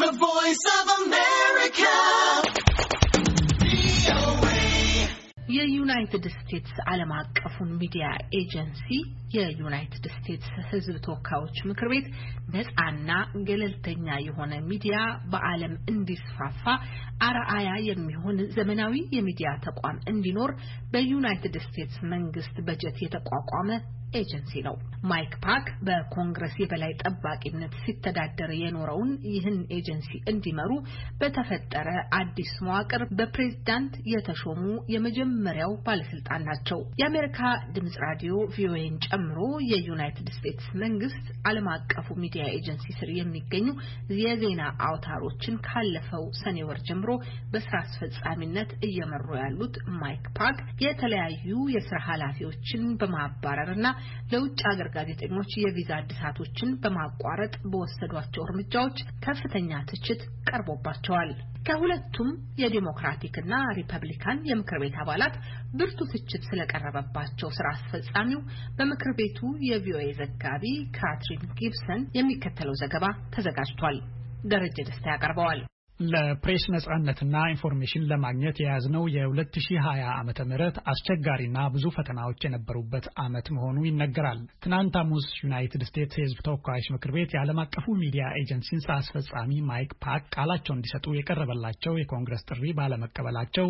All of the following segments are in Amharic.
The Voice of America. የዩናይትድ ስቴትስ ዓለም አቀፉን ሚዲያ ኤጀንሲ የዩናይትድ ስቴትስ ሕዝብ ተወካዮች ምክር ቤት ነፃና ገለልተኛ የሆነ ሚዲያ በዓለም እንዲስፋፋ አርአያ የሚሆን ዘመናዊ የሚዲያ ተቋም እንዲኖር በዩናይትድ ስቴትስ መንግስት በጀት የተቋቋመ ኤጀንሲ ነው። ማይክ ፓክ በኮንግረስ የበላይ ጠባቂነት ሲተዳደር የኖረውን ይህን ኤጀንሲ እንዲመሩ በተፈጠረ አዲስ መዋቅር በፕሬዝዳንት የተሾሙ የመጀመሪያው ባለስልጣን ናቸው። የአሜሪካ ድምጽ ራዲዮ ቪኦኤን ጨምሮ የዩናይትድ ስቴትስ መንግስት ዓለም አቀፉ ሚዲያ ኤጀንሲ ስር የሚገኙ የዜና አውታሮችን ካለፈው ሰኔ ወር ጀምሮ በስራ አስፈጻሚነት እየመሩ ያሉት ማይክ ፓክ የተለያዩ የስራ ኃላፊዎችን በማባረር ና። ለውጭ ሀገር ጋዜጠኞች የቪዛ እድሳቶችን በማቋረጥ በወሰዷቸው እርምጃዎች ከፍተኛ ትችት ቀርቦባቸዋል። ከሁለቱም የዴሞክራቲክና ሪፐብሊካን የምክር ቤት አባላት ብርቱ ትችት ስለቀረበባቸው ስራ አስፈጻሚው በምክር ቤቱ የቪኦኤ ዘጋቢ ካትሪን ጊብሰን የሚከተለው ዘገባ ተዘጋጅቷል። ደረጀ ደስታ ያቀርበዋል። ለፕሬስ ነጻነትና ኢንፎርሜሽን ለማግኘት የያዝነው የ2020 ዓመተ ምህረት አስቸጋሪና ብዙ ፈተናዎች የነበሩበት ዓመት መሆኑ ይነገራል። ትናንት ሐሙስ ዩናይትድ ስቴትስ የሕዝብ ተወካዮች ምክር ቤት የዓለም አቀፉ ሚዲያ ኤጀንሲን ስራ አስፈጻሚ ማይክ ፓክ ቃላቸው እንዲሰጡ የቀረበላቸው የኮንግረስ ጥሪ ባለመቀበላቸው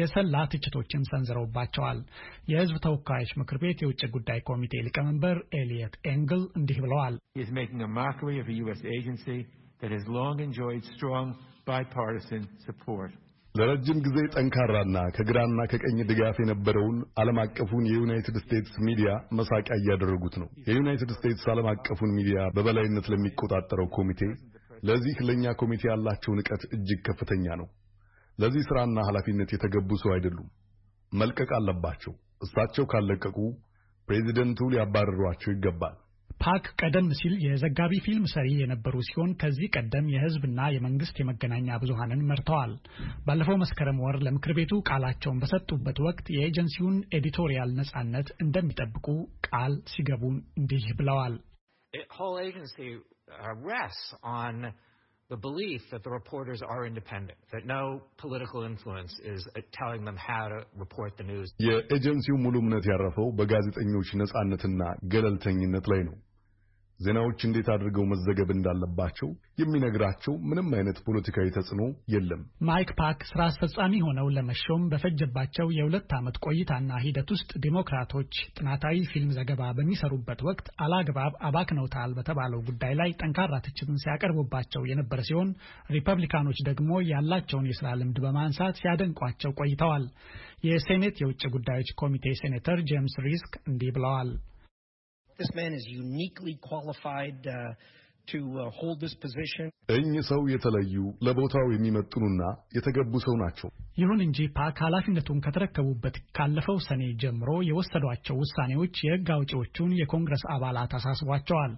የሰላ ትችቶችን ሰንዝረውባቸዋል። የሕዝብ ተወካዮች ምክር ቤት የውጭ ጉዳይ ኮሚቴ ሊቀመንበር ኤሊየት ኤንግል እንዲህ ብለዋል። bipartisan support. ለረጅም ጊዜ ጠንካራና ከግራና ከቀኝ ድጋፍ የነበረውን ዓለም አቀፉን የዩናይትድ ስቴትስ ሚዲያ መሳቂያ እያደረጉት ነው። የዩናይትድ ስቴትስ ዓለም አቀፉን ሚዲያ በበላይነት ለሚቆጣጠረው ኮሚቴ ለዚህ ለእኛ ኮሚቴ ያላቸው ንቀት እጅግ ከፍተኛ ነው። ለዚህ ሥራና ኃላፊነት የተገቡ ሰው አይደሉም። መልቀቅ አለባቸው። እሳቸው ካለቀቁ ፕሬዚደንቱ ሊያባርሯቸው ይገባል። ፓክ ቀደም ሲል የዘጋቢ ፊልም ሰሪ የነበሩ ሲሆን ከዚህ ቀደም የህዝብና የመንግስት የመገናኛ ብዙሃንን መርተዋል። ባለፈው መስከረም ወር ለምክር ቤቱ ቃላቸውን በሰጡበት ወቅት የኤጀንሲውን ኤዲቶሪያል ነጻነት እንደሚጠብቁ ቃል ሲገቡ እንዲህ ብለዋል። uh, the belief that the reporters are independent, that no political influence is uh, telling them how to report the news. የኤጀንሲው ሙሉ እምነት ያረፈው በጋዜጠኞች ነጻነትና ገለልተኝነት ላይ ነው። ዜናዎች እንዴት አድርገው መዘገብ እንዳለባቸው የሚነግራቸው ምንም አይነት ፖለቲካዊ ተጽዕኖ የለም። ማይክ ፓክ ስራ አስፈጻሚ ሆነው ለመሾም በፈጀባቸው የሁለት ዓመት ቆይታና ሂደት ውስጥ ዴሞክራቶች ጥናታዊ ፊልም ዘገባ በሚሰሩበት ወቅት አላግባብ አባክነውታል በተባለው ጉዳይ ላይ ጠንካራ ትችትን ሲያቀርቡባቸው የነበረ ሲሆን ሪፐብሊካኖች ደግሞ ያላቸውን የስራ ልምድ በማንሳት ሲያደንቋቸው ቆይተዋል። የሴኔት የውጭ ጉዳዮች ኮሚቴ ሴኔተር ጄምስ ሪስክ እንዲህ ብለዋል። እኚህ ሰው የተለዩ ለቦታው የሚመጥኑና የተገቡ ሰው ናቸው። ይሁን እንጂ ፓክ ኃላፊነቱን ከተረከቡበት ካለፈው ሰኔ ጀምሮ የወሰዷቸው ውሳኔዎች የሕግ አውጪዎቹን የኮንግረስ አባላት አሳስቧቸዋል።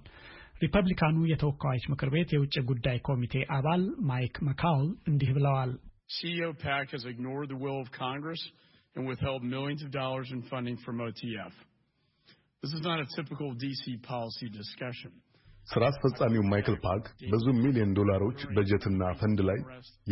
ሪፐብሊካኑ የተወካዮች ምክር ቤት የውጭ ጉዳይ ኮሚቴ አባል ማይክ መካውል እንዲህ ብለዋል። CEO PAC has ignored the will of Congress and withheld millions of dollars in funding from OTF. ስራ አስፈጻሚው ማይክል ፓክ ብዙ ሚሊዮን ዶላሮች በጀትና ፈንድ ላይ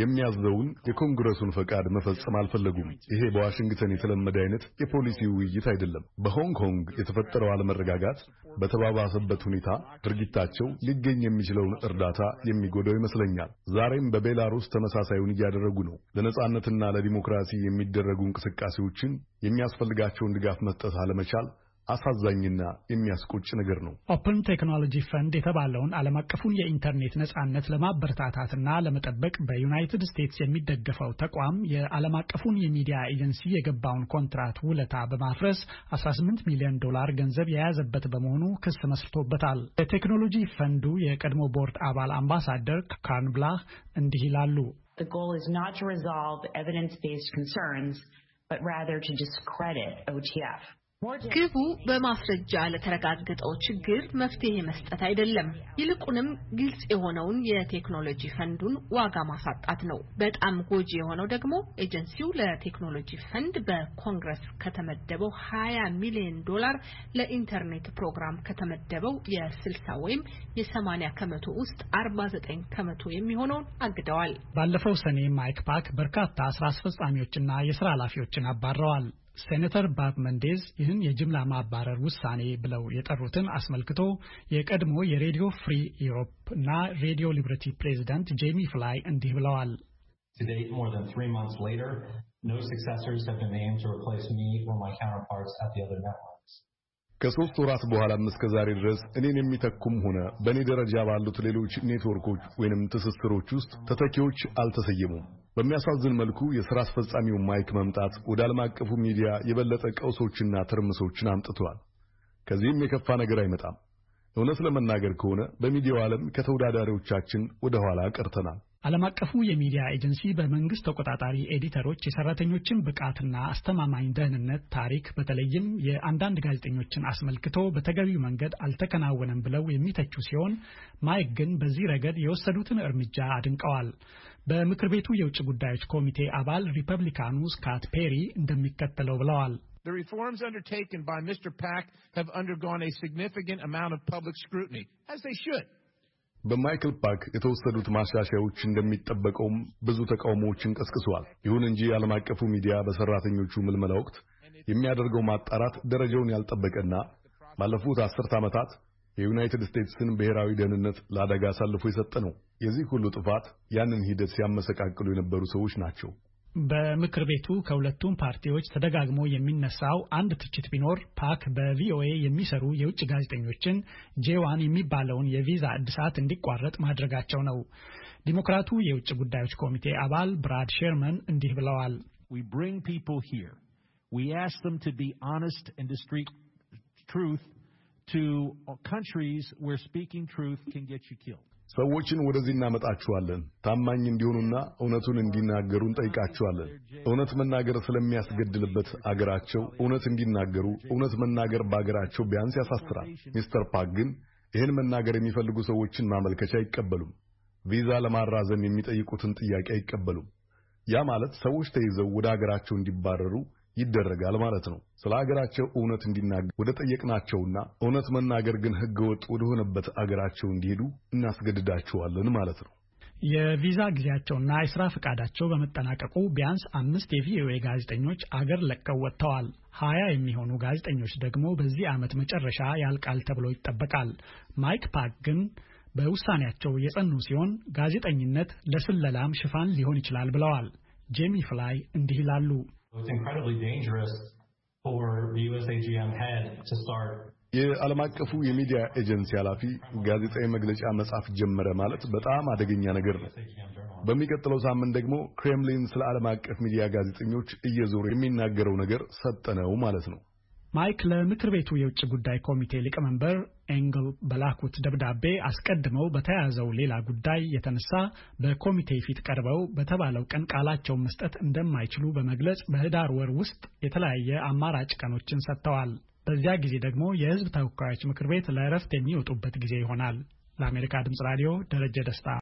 የሚያዘውን የኮንግረሱን ፈቃድ መፈጸም አልፈለጉም። ይሄ በዋሽንግተን የተለመደ አይነት የፖሊሲ ውይይት አይደለም። በሆንግ ኮንግ የተፈጠረው አለመረጋጋት በተባባሰበት ሁኔታ ድርጊታቸው ሊገኝ የሚችለውን እርዳታ የሚጎዳው ይመስለኛል። ዛሬም በቤላሩስ ተመሳሳዩን እያደረጉ ነው። ለነጻነትና ለዲሞክራሲ የሚደረጉ እንቅስቃሴዎችን የሚያስፈልጋቸውን ድጋፍ መስጠት አለመቻል አሳዛኝና የሚያስቆጭ ነገር ነው። ኦፕን ቴክኖሎጂ ፈንድ የተባለውን ዓለም አቀፉን የኢንተርኔት ነጻነት ለማበረታታትና ለመጠበቅ በዩናይትድ ስቴትስ የሚደገፈው ተቋም የዓለም አቀፉን የሚዲያ ኤጀንሲ የገባውን ኮንትራት ውለታ በማፍረስ 18 ሚሊዮን ዶላር ገንዘብ የያዘበት በመሆኑ ክስ መስርቶበታል። የቴክኖሎጂ ፈንዱ የቀድሞ ቦርድ አባል አምባሳደር ካርንብላ እንዲህ ይላሉ። The goal is not to resolve evidence-based concerns, but rather to discredit OTF. ግቡ በማስረጃ ለተረጋገጠው ችግር መፍትሄ መስጠት አይደለም፣ ይልቁንም ግልጽ የሆነውን የቴክኖሎጂ ፈንዱን ዋጋ ማሳጣት ነው። በጣም ጎጂ የሆነው ደግሞ ኤጀንሲው ለቴክኖሎጂ ፈንድ በኮንግረስ ከተመደበው 20 ሚሊዮን ዶላር ለኢንተርኔት ፕሮግራም ከተመደበው የ60 ወይም የ80 ከመቶ ውስጥ 49 ከመቶ የሚሆነውን አግደዋል። ባለፈው ሰኔ ማይክ ፓክ በርካታ ስራ አስፈጻሚዎችና የስራ ኃላፊዎችን አባረዋል። ሴኔተር ባብ መንዴዝ ይህን የጅምላ ማባረር ውሳኔ ብለው የጠሩትን አስመልክቶ የቀድሞ የሬዲዮ ፍሪ ዩሮፕ እና ሬዲዮ ሊበርቲ ፕሬዚዳንት ጄሚ ፍላይ እንዲህ ብለዋል። ከሶስት ወራት በኋላም እስከ ዛሬ ድረስ እኔን የሚተኩም ሆነ በእኔ ደረጃ ባሉት ሌሎች ኔትወርኮች ወይንም ትስስሮች ውስጥ ተተኪዎች አልተሰየሙም። በሚያሳዝን መልኩ የሥራ አስፈጻሚው ማይክ መምጣት ወደ ዓለም አቀፉ ሚዲያ የበለጠ ቀውሶችና ትርምሶችን አምጥቷል። ከዚህም የከፋ ነገር አይመጣም። እውነት ለመናገር ከሆነ በሚዲያው ዓለም ከተወዳዳሪዎቻችን ወደ ኋላ ቀርተናል። ዓለም አቀፉ የሚዲያ ኤጀንሲ በመንግስት ተቆጣጣሪ ኤዲተሮች የሰራተኞችን ብቃትና አስተማማኝ ደህንነት ታሪክ በተለይም የአንዳንድ ጋዜጠኞችን አስመልክቶ በተገቢው መንገድ አልተከናወነም ብለው የሚተቹ ሲሆን ማይክ ግን በዚህ ረገድ የወሰዱትን እርምጃ አድንቀዋል። በምክር ቤቱ የውጭ ጉዳዮች ኮሚቴ አባል ሪፐብሊካኑ ስካት ፔሪ እንደሚከተለው ብለዋል። The reforms undertaken by Mr. Pack have undergone a significant amount of public scrutiny, as they should. በማይክል ፓክ የተወሰዱት ማሻሻያዎች እንደሚጠበቀውም ብዙ ተቃውሞዎችን ቀስቅሰዋል። ይሁን እንጂ የዓለም አቀፉ ሚዲያ በሠራተኞቹ ምልመላ ወቅት የሚያደርገው ማጣራት ደረጃውን ያልጠበቀና ባለፉት አስርት ዓመታት የዩናይትድ ስቴትስን ብሔራዊ ደህንነት ለአደጋ አሳልፎ የሰጠ ነው። የዚህ ሁሉ ጥፋት ያንን ሂደት ሲያመሰቃቅሉ የነበሩ ሰዎች ናቸው። በምክር ቤቱ ከሁለቱም ፓርቲዎች ተደጋግሞ የሚነሳው አንድ ትችት ቢኖር ፓክ በቪኦኤ የሚሰሩ የውጭ ጋዜጠኞችን ጄዋን የሚባለውን የቪዛ እድሳት እንዲቋረጥ ማድረጋቸው ነው። ዲሞክራቱ የውጭ ጉዳዮች ኮሚቴ አባል ብራድ ሼርመን እንዲህ ብለዋል። ሪንግ ሰዎችን ወደዚህ እናመጣችኋለን። ታማኝ እንዲሆኑና እውነቱን እንዲናገሩ እንጠይቃችኋለን። እውነት መናገር ስለሚያስገድልበት አገራቸው እውነት እንዲናገሩ፣ እውነት መናገር በአገራቸው ቢያንስ ያሳስራል። ሚስተር ፓክ ግን ይህን መናገር የሚፈልጉ ሰዎችን ማመልከቻ አይቀበሉም። ቪዛ ለማራዘም የሚጠይቁትን ጥያቄ አይቀበሉም። ያ ማለት ሰዎች ተይዘው ወደ አገራቸው እንዲባረሩ ይደረጋል ማለት ነው። ስለ ሀገራቸው እውነት እንዲናገር ወደ ጠየቅናቸውና እውነት መናገር ግን ህገወጥ ወደሆነበት አገራቸው እንዲሄዱ እናስገድዳቸዋለን ማለት ነው። የቪዛ ጊዜያቸውና የስራ ፈቃዳቸው በመጠናቀቁ ቢያንስ አምስት የቪኦኤ ጋዜጠኞች አገር ለቀው ወጥተዋል። ሀያ የሚሆኑ ጋዜጠኞች ደግሞ በዚህ ዓመት መጨረሻ ያልቃል ተብሎ ይጠበቃል። ማይክ ፓክ ግን በውሳኔያቸው የጸኑ ሲሆን ጋዜጠኝነት ለስለላም ሽፋን ሊሆን ይችላል ብለዋል። ጄሚ ፍላይ እንዲህ ይላሉ። የዓለም አቀፉ የሚዲያ ኤጀንሲ ኃላፊ ጋዜጣዊ መግለጫ መጻፍ ጀመረ ማለት በጣም አደገኛ ነገር ነው። በሚቀጥለው ሳምንት ደግሞ ክሬምሊን ስለ ዓለም አቀፍ ሚዲያ ጋዜጠኞች እየዞረ የሚናገረው ነገር ሰጠነው ማለት ነው። ማይክ ለምክር ቤቱ የውጭ ጉዳይ ኮሚቴ ሊቀመንበር ኤንግል በላኩት ደብዳቤ አስቀድመው በተያያዘው ሌላ ጉዳይ የተነሳ በኮሚቴ ፊት ቀርበው በተባለው ቀን ቃላቸውን መስጠት እንደማይችሉ በመግለጽ በህዳር ወር ውስጥ የተለያየ አማራጭ ቀኖችን ሰጥተዋል። በዚያ ጊዜ ደግሞ የህዝብ ተወካዮች ምክር ቤት ለእረፍት የሚወጡበት ጊዜ ይሆናል። ለአሜሪካ ድምፅ ራዲዮ ደረጀ ደስታ